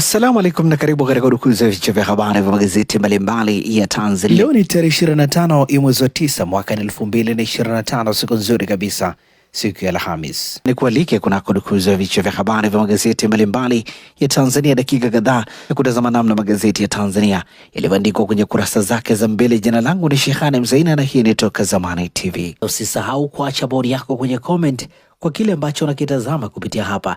Assalamu alaikum na karibu katika udukuzi ya vichwa vya habari vya magazeti mbalimbali ya Tanzania. Leo ni tarehe 25 ya mwezi wa 9 mwaka 2025, siku nzuri kabisa, siku ya Alhamis. Ni kualike kunako udukuzi ya vichwa vya habari vya magazeti mbalimbali ya Tanzania, dakika kadhaa ya kutazama namna magazeti ya Tanzania yalivyoandikwa kwenye kurasa zake za mbele. Jina langu ni Shehane Mzaina na hii ni Toka Zamani TV. Usisahau kuacha bodi yako kwenye comment kwa kile ambacho unakitazama kupitia hapa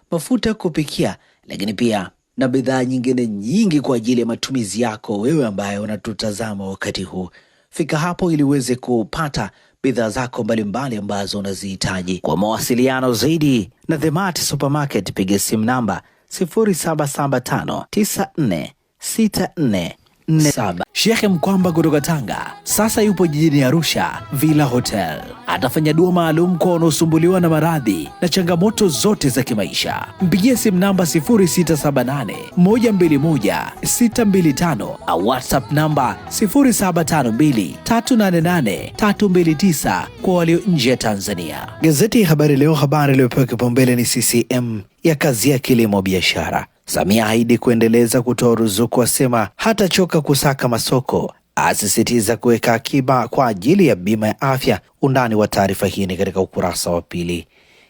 mafuta ya kupikia, lakini pia na bidhaa nyingine nyingi kwa ajili ya matumizi yako wewe ambaye unatutazama wakati huu. Fika hapo ili uweze kupata bidhaa zako mbalimbali ambazo unazihitaji. Kwa mawasiliano zaidi na The Mart Supermarket, piga simu namba 07759464 47. Shekhe Mkwamba kutoka Tanga sasa yupo jijini Arusha Villa Hotel, atafanya dua maalum kwa wanaosumbuliwa na maradhi na changamoto zote za kimaisha. Mpigie simu namba 0678121625 au WhatsApp namba 0752388329 kwa walio nje ya Tanzania. Gazeti Habari Leo, habari iliyopewa kipaumbele ni CCM ya kazi ya kilimo biashara Samia ahidi kuendeleza kutoa ruzuku, asema hatachoka kusaka masoko, asisitiza kuweka akiba kwa ajili ya bima ya afya. Undani wa taarifa hii ni katika ukurasa wa pili.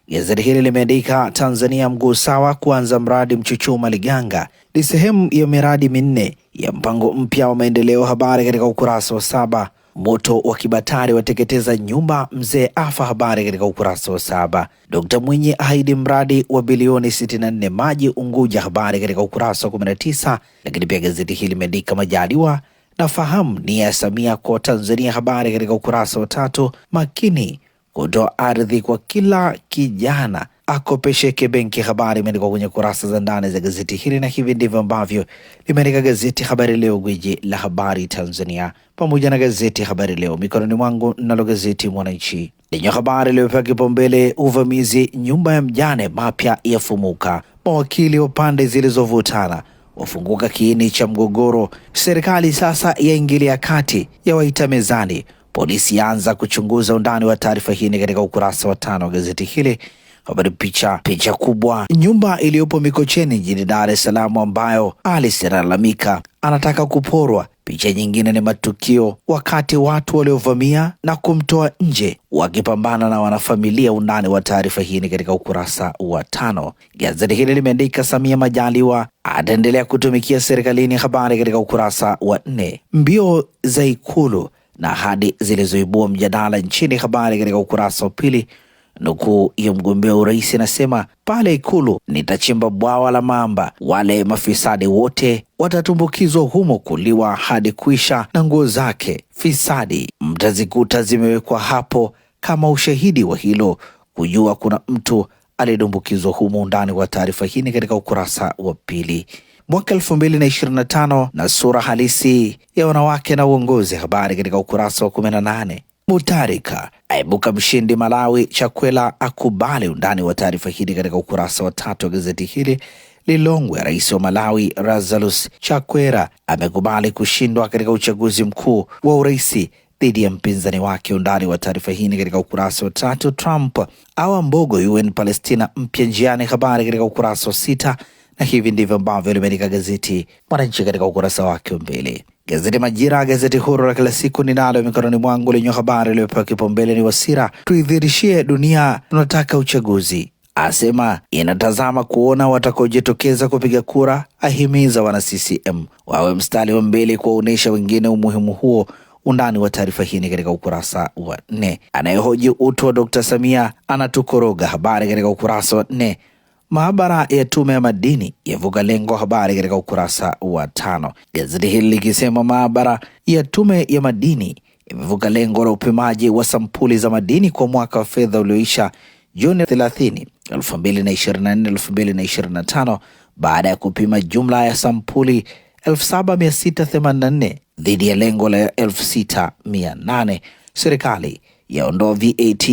Gazeti hili limeandika Tanzania mguu sawa kuanza mradi Mchuchuma Liganga ni sehemu ya miradi minne ya mpango mpya wa maendeleo, habari katika ukurasa wa saba. Moto wa kibatari wateketeza nyumba, mzee afa. Habari katika ukurasa wa saba. Dkt Mwinyi ahidi mradi wa bilioni 64 maji Unguja. Habari katika ukurasa wa 19. Lakini pia gazeti hili limeandika Majaliwa nafahamu ni ya Samia kwa Tanzania. Habari katika ukurasa wa tatu. Makini kutoa ardhi kwa kila kijana akopeshe benki. Habari imeandikwa kwenye kurasa za ndani za gazeti hili, na hivi ndivyo ambavyo limeandika gazeti Habari Leo, gwiji la habari Tanzania, pamoja na gazeti Habari Leo mikononi mwangu. Nalo gazeti Mwananchi lenye habari iliyopewa kipaumbele, uvamizi nyumba ya mjane, mapya yafumuka, mawakili wa pande zilizovutana wafunguka kiini cha mgogoro, serikali sasa yaingilia kati, yawaita mezani, polisi yaanza kuchunguza. Undani wa taarifa hii ni katika ukurasa wa tano wa gazeti hili habari picha picha kubwa, nyumba iliyopo Mikocheni jijini Dar es Salaam ambayo Alice analalamika anataka kuporwa. Picha nyingine ni matukio wakati watu waliovamia na kumtoa nje wakipambana na wanafamilia. Undani wa taarifa hii ni katika ukurasa wa tano. Gazeti hili limeandika Samia Majaliwa ataendelea kutumikia serikalini, habari katika ukurasa wa nne. Mbio za Ikulu na ahadi zilizoibua mjadala nchini, habari katika ukurasa wa pili. Nukuu ya mgombea urais anasema, pale Ikulu nitachimba bwawa la mamba, wale mafisadi wote watatumbukizwa humo kuliwa hadi kuisha, na nguo zake fisadi mtazikuta zimewekwa hapo kama ushahidi wa hilo, kujua kuna mtu aliyedumbukizwa humo. Undani wa taarifa hii ni katika ukurasa wa pili. Mwaka elfu mbili na ishirini na tano na sura halisi ya wanawake na uongozi, habari katika ukurasa wa kumi na nane. Mutarika aibuka mshindi Malawi, chakwela akubali. Undani wa taarifa hili katika ukurasa wa tatu wa gazeti hili Lilongwe. Rais wa Malawi Lazarus Chakwera amekubali kushindwa katika uchaguzi mkuu wa uraisi dhidi ya mpinzani wake. Undani wa taarifa hii ni katika ukurasa wa tatu. Trump awa mbogo UN Palestina mpya njiani, habari katika ukurasa wa sita na hivi ndivyo ambavyo limeandika gazeti Mwananchi katika ukurasa wake wa mbele. Gazeti Majira, gazeti huru la kila siku ninalo mikononi mwangu, lenye habari iliyopewa kipaumbele ni Wasira, tuidhirishie dunia tunataka uchaguzi, asema inatazama kuona watakaojitokeza kupiga kura, ahimiza wana CCM wawe mstari wa mbele kuwaonyesha wengine umuhimu huo. Undani wa taarifa hii ni katika ukurasa wa nne. Anayehoji utu wa Samia anatukoroga, habari katika ukurasa wa nne. Maabara ya tume ya madini yavuka lengo, habari katika ukurasa wa tano. Gazeti hili likisema maabara ya tume ya madini imevuka lengo la upimaji wa sampuli za madini kwa mwaka wa fedha ulioisha Juni 30, 2024 2025 baada ya kupima jumla ya sampuli 7684 dhidi ya lengo la 6800 serikali yaondoa VAT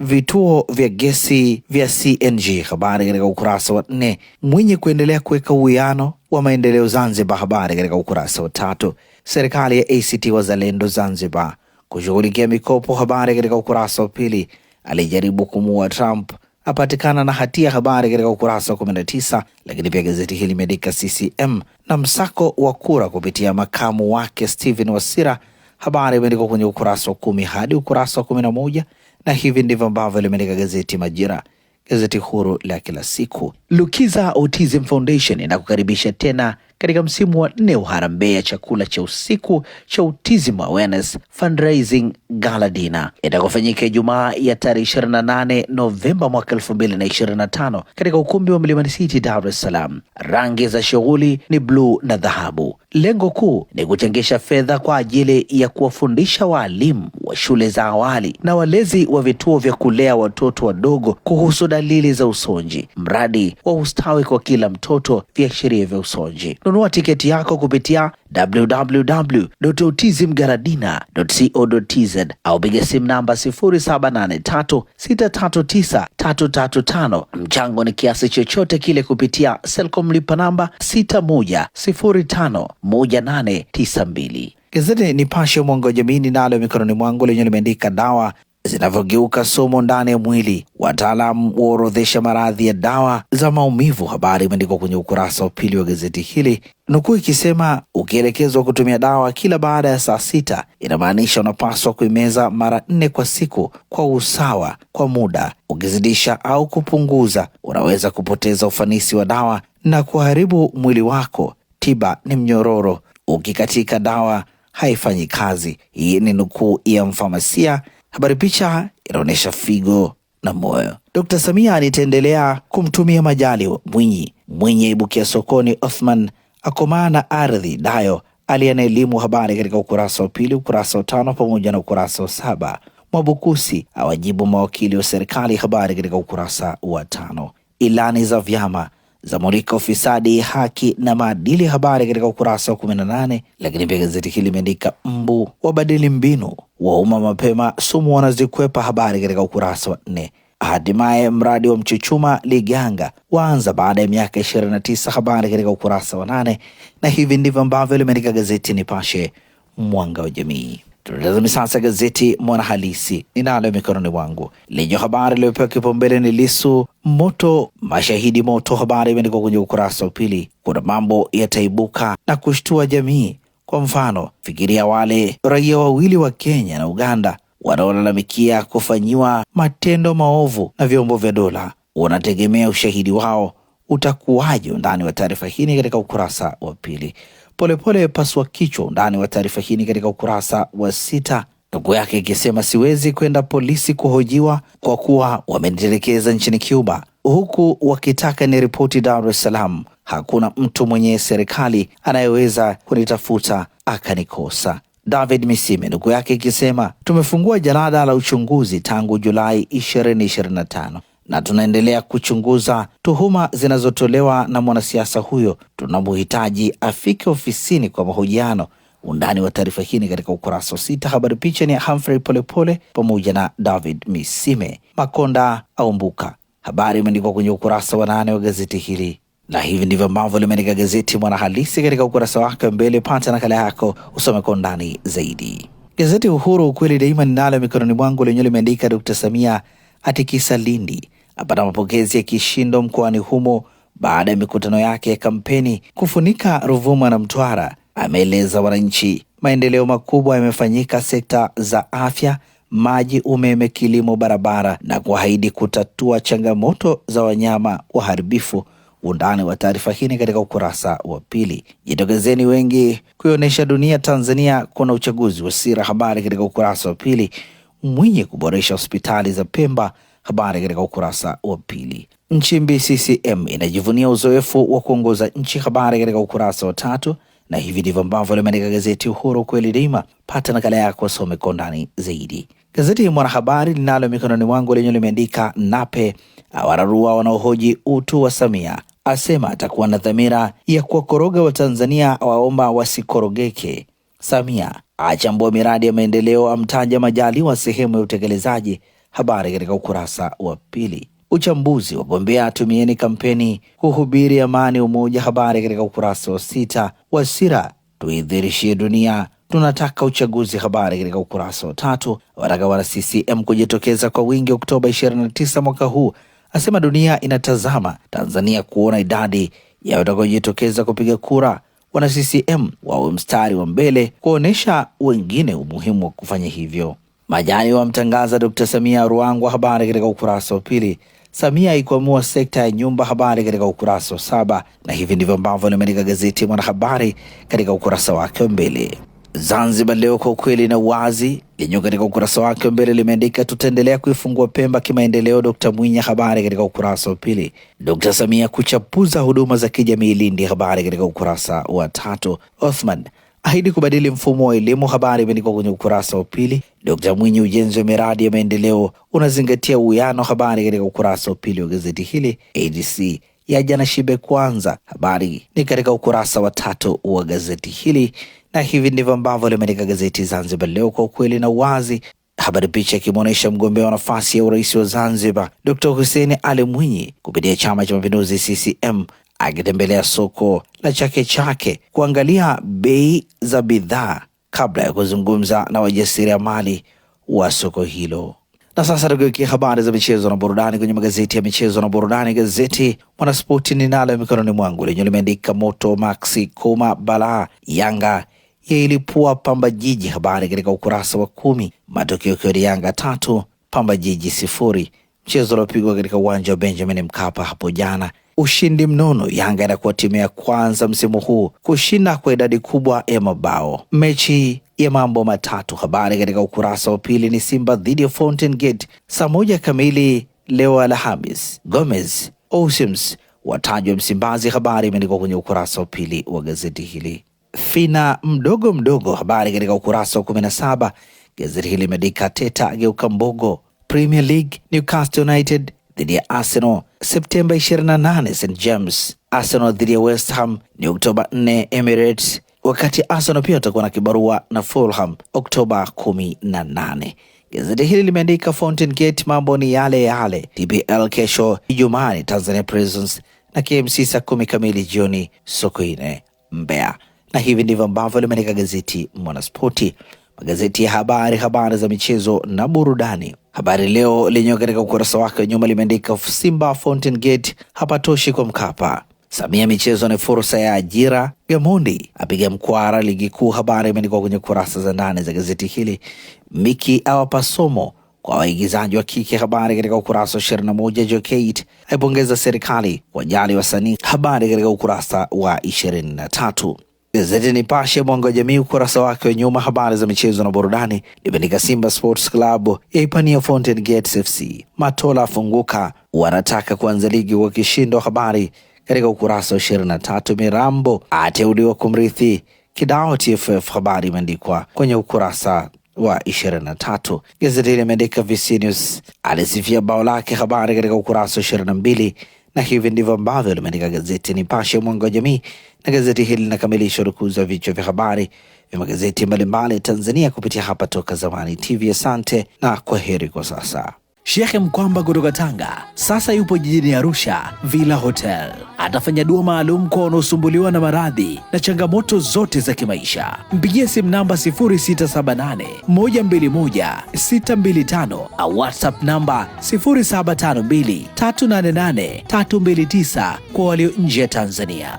vituo vya gesi vya CNG. Habari katika ukurasa wa nne. Mwinyi kuendelea kuweka uwiano wa maendeleo Zanzibar. Habari katika ukurasa wa tatu. Serikali ya ACT Wazalendo Zanzibar kushughulikia mikopo. Habari katika ukurasa wa pili. Alijaribu kumuua Trump apatikana na hatia. Habari katika ukurasa wa 19. Lakini pia gazeti hili limeandika CCM na msako wa kura kupitia makamu wake Stephen Wasira Habari imeandikwa kwenye ukurasa wa kumi hadi ukurasa wa kumi na moja na hivi ndivyo ambavyo limeandika gazeti Majira, gazeti huru la kila siku. Lukiza Autism Foundation inakukaribisha tena katika msimu wa nne wa harambee ya chakula cha usiku cha Autism Awareness Fundraising Gala Dinner itakofanyika Ijumaa ya tarehe 28 Novemba mwaka 2025 katika ukumbi wa Mlimani City, Dar es Salaam. Rangi za shughuli ni bluu na dhahabu. Lengo kuu ni kuchangisha fedha kwa ajili ya kuwafundisha waalimu wa shule za awali na walezi wa vituo vya kulea watoto wadogo kuhusu dalili za usonji, mradi wa ustawi kwa kila mtoto, viashiria vya usonji kununua tiketi yako kupitia www.otizmgaradina.co.tz au piga simu namba 0783639335. Mchango ni kiasi chochote kile kupitia Selcom lipa namba 61051892. Gazeti Nipashe mwanga wa jamii ninalo mikononi mwangu lenye limeandika dawa zinavyogeuka somo ndani ya mwili. Wataalam waorodhesha maradhi ya dawa za maumivu. Habari imeandikwa kwenye ukurasa wa pili wa gazeti hili, nukuu ikisema, ukielekezwa kutumia dawa kila baada ya saa sita, inamaanisha unapaswa kuimeza mara nne kwa siku kwa usawa kwa muda. Ukizidisha au kupunguza, unaweza kupoteza ufanisi wa dawa na kuharibu mwili wako. Tiba ni mnyororo, ukikatika dawa haifanyi kazi. Hii ni nukuu ya mfamasia Habari picha inaonyesha figo na moyo. Dr. Samia nitaendelea kumtumia majali Mwinyi. Mwinyi aibukia sokoni, Othman akomaa na ardhi. Dayo aliye na elimu habari katika ukurasa wa pili, ukurasa wa tano pamoja na ukurasa wa saba. Mwabukusi awajibu mawakili wa serikali, habari katika ukurasa wa tano. Ilani za vyama zamulika ufisadi, haki na maadili, habari katika ukurasa wa kumi na nane. Lakini pia gazeti hili limeandika mbu wabadili mbinu wauma mapema sumu wanazikwepa. Habari katika ukurasa wa nne. Hatimaye mradi wa Mchuchuma Liganga waanza baada ya miaka tisa Habari katika ukurasa wa nane, na hivi ndivyo ambavyo limeandika gazeti Nipashe mwanga wa jamii. Tunatazami sasa gazeti Mwanahalisi ninalo mikononi mwangu lenye habari iliyopewa kipaumbele ni Lisu moto mashahidi moto. Habari imeandikwa kwenye ukurasa wa pili. Kuna mambo yataibuka na kushtua jamii kwa mfano, fikiria wale raia wawili wa Kenya na Uganda wanaolalamikia kufanyiwa matendo maovu na vyombo vya dola. Unategemea ushahidi wao utakuwaje? Undani wa taarifa hii katika ukurasa wa pili. Polepole paswa kichwa, undani wa taarifa hii katika ukurasa wa sita, ndugu yake ikisema siwezi kwenda polisi kuhojiwa kwa kuwa wamenitelekeza nchini Cuba, huku wakitaka ni ripoti Dar es Salaam hakuna mtu mwenye serikali anayeweza kunitafuta akanikosa. David Misime ndugu yake ikisema, tumefungua jalada la uchunguzi tangu Julai 2025 na tunaendelea kuchunguza tuhuma zinazotolewa na mwanasiasa huyo. Tunamhitaji afike ofisini kwa mahojiano. Undani wa taarifa hii ni katika ukurasa wa sita. Habari picha ni ya Humphrey Polepole pamoja na David Misime. Makonda aumbuka, habari imeandikwa kwenye ukurasa wa nane wa gazeti hili na hivi ndivyo ambavyo limeandika gazeti Mwanahalisi katika ukurasa wake mbele. Pata nakala yako usome kwa undani zaidi. Gazeti Uhuru ukweli daima ninalo mikononi mwangu, lenyewe limeandika Dkt Samia atikisa Lindi, apata mapokezi ya kishindo mkoani humo baada ya mikutano yake ya kampeni kufunika Ruvuma na Mtwara. Ameeleza wananchi maendeleo makubwa yamefanyika sekta za afya, maji, umeme, kilimo, barabara na kuahidi kutatua changamoto za wanyama waharibifu Undani wa taarifa hii ni katika ukurasa wa pili. Jitokezeni wengi kuionyesha dunia Tanzania kuna uchaguzi wa sira, habari katika ukurasa wa pili. Mwinyi kuboresha hospitali za Pemba, habari katika ukurasa wa pili. Nchimbi CCM inajivunia uzoefu wa kuongoza nchi, habari katika ukurasa wa tatu. Na hivi ndivyo ambavyo limeandika gazeti Uhuru kweli daima. Pata nakala yako, some kwa undani zaidi. Gazeti Mwanahabari linalo mikononi mwangu lenye limeandika Nape awararua wanaohoji utu wa Samia asema atakuwa na dhamira ya kuwakoroga Watanzania, waomba wasikorogeke. Samia achambua miradi ya maendeleo, amtaja Majaliwa sehemu ya utekelezaji. Habari katika ukurasa wa pili. Uchambuzi wagombea tumieni kampeni kuhubiri amani, umoja. Habari katika ukurasa wa sita. Wasira tuidhirishie dunia tunataka uchaguzi. Habari katika ukurasa wa tatu. Wataka wana CCM kujitokeza kwa wingi Oktoba 29 mwaka huu asema dunia inatazama Tanzania kuona idadi ya watakaojitokeza kupiga kura. Wana CCM wawe mstari wa mbele kuonyesha wengine umuhimu wa kufanya hivyo. Majani wamtangaza Dkt. Samia Ruangwa. Habari katika ukurasa wa pili. Samia ikuamua sekta ya nyumba, habari katika ukurasa wa saba, na hivi ndivyo ambavyo limeandika gazeti Mwanahabari katika ukurasa wake wa mbele. Zanzibar Leo kwa ukweli na uwazi lenyewe katika ukurasa wake mbele limeandika tutaendelea kuifungua Pemba kimaendeleo, Dr Mwinya. Habari katika ukurasa wa pili. Dr Samia kuchapuza huduma za kijamii Lindi. Habari katika ukurasa wa tatu. Othman ahidi kubadili mfumo wa elimu. Habari imeandikwa kwenye ukurasa wa pili. Dr Mwinyi, ujenzi wa miradi ya maendeleo unazingatia uwiano. Habari katika ukurasa wa pili wa gazeti hili. ADC yaja na shibe kwanza. Habari ni katika ukurasa wa tatu wa gazeti hili na hivi ndivyo ambavyo limeandika gazeti Zanzibar Leo kwa ukweli na uwazi. Habari picha ikimwonyesha mgombea wa nafasi ya urais wa Zanzibar Dr. Hussein Ali Mwinyi kupitia Chama cha Mapinduzi CCM akitembelea soko la Chake Chake kuangalia bei za bidhaa kabla ya kuzungumza na wajasiriamali wa soko hilo. Na sasa tukiwekia habari za michezo na burudani kwenye magazeti ya michezo na burudani, gazeti Mwanaspoti ninalo mikononi mwangu lenye limeandika moto Maxi Kuma balaa Yanga ilipua Pamba Jiji. Habari katika ukurasa wa kumi, matokeo kiwa ni Yanga tatu Pamba Jiji sifuri, mchezo uliopigwa katika uwanja wa Benjamin Mkapa hapo jana. Ushindi mnono, Yanga inakuwa timu ya kwanza msimu huu kushinda kwa idadi kubwa ya mabao mechi ya mambo matatu. Habari katika ukurasa wa pili ni Simba dhidi ya Fountain Gate saa moja kamili leo Alhamis. Gomez Osims watajwa Msimbazi, habari imeandikwa kwenye ukurasa wa pili wa gazeti hili fina mdogo mdogo. Habari katika ukurasa wa 17 gazeti hili limeandika Teta ageuka mbogo. Premier League, Newcastle United dhidi ya Arsenal Septemba 28, St James. Arsenal dhidi ya West Ham ni Oktoba 4, Emirates, wakati Arsenal pia watakuwa na kibarua na Fulham Oktoba 18. Gazeti hili limeandika Fountain Gate, mambo ni yale yale. TBL kesho Ijumaa Tanzania Prisons na KMC saa kumi kamili jioni Sokoine, Mbeya na hivi ndivyo ambavyo limeandika gazeti Mwanaspoti, magazeti ya habari, habari za michezo na burudani. Habari Leo lenyewe katika ukurasa wake wa nyuma limeandika Simba Fountain Gate hapatoshi kwa Mkapa, Samia michezo ni fursa ya ajira, Gamondi apiga mkwara ligi kuu. Habari imeandikwa kwenye kurasa za ndani za gazeti hili. Miki awapa somo kwa waigizaji wa kike, habari katika ukurasa wa 21. Jokate aipongeza serikali wajali wasanii, habari katika ukurasa wa ishirini na tatu Gazeti Nipashe mwanga wa jamii ukurasa wake wa nyuma, habari za michezo na burudani limeandika Simba Sports Club yaipania Fountain Gates FC, Matola afunguka, wanataka kuanza ligi kishindo. habari katika ukurasa wa ishirini na tatu. Mirambo ateuliwa kumrithi Kidao TFF, habari imeandikwa kwenye ukurasa wa ishirini na tatu. Gazeti hili limeandika Visinius alisifia bao lake, habari katika ukurasa wa ishirini na mbili, na hivi ndivyo ambavyo limeandika gazeti Nipashe mwanga wa jamii na gazeti hili linakamilisha urukuzi za vichwa vya habari vya magazeti mbalimbali ya Tanzania kupitia hapa Toka Zamani TV. Asante na kwa heri kwa sasa. Shekhe Mkwamba kutoka Tanga sasa yupo jijini Arusha, Villa Hotel. Atafanya dua maalum kwa wanaosumbuliwa na maradhi na changamoto zote za kimaisha. Mpigie simu namba 0678121625 au WhatsApp namba 0752388329 kwa walio nje ya Tanzania.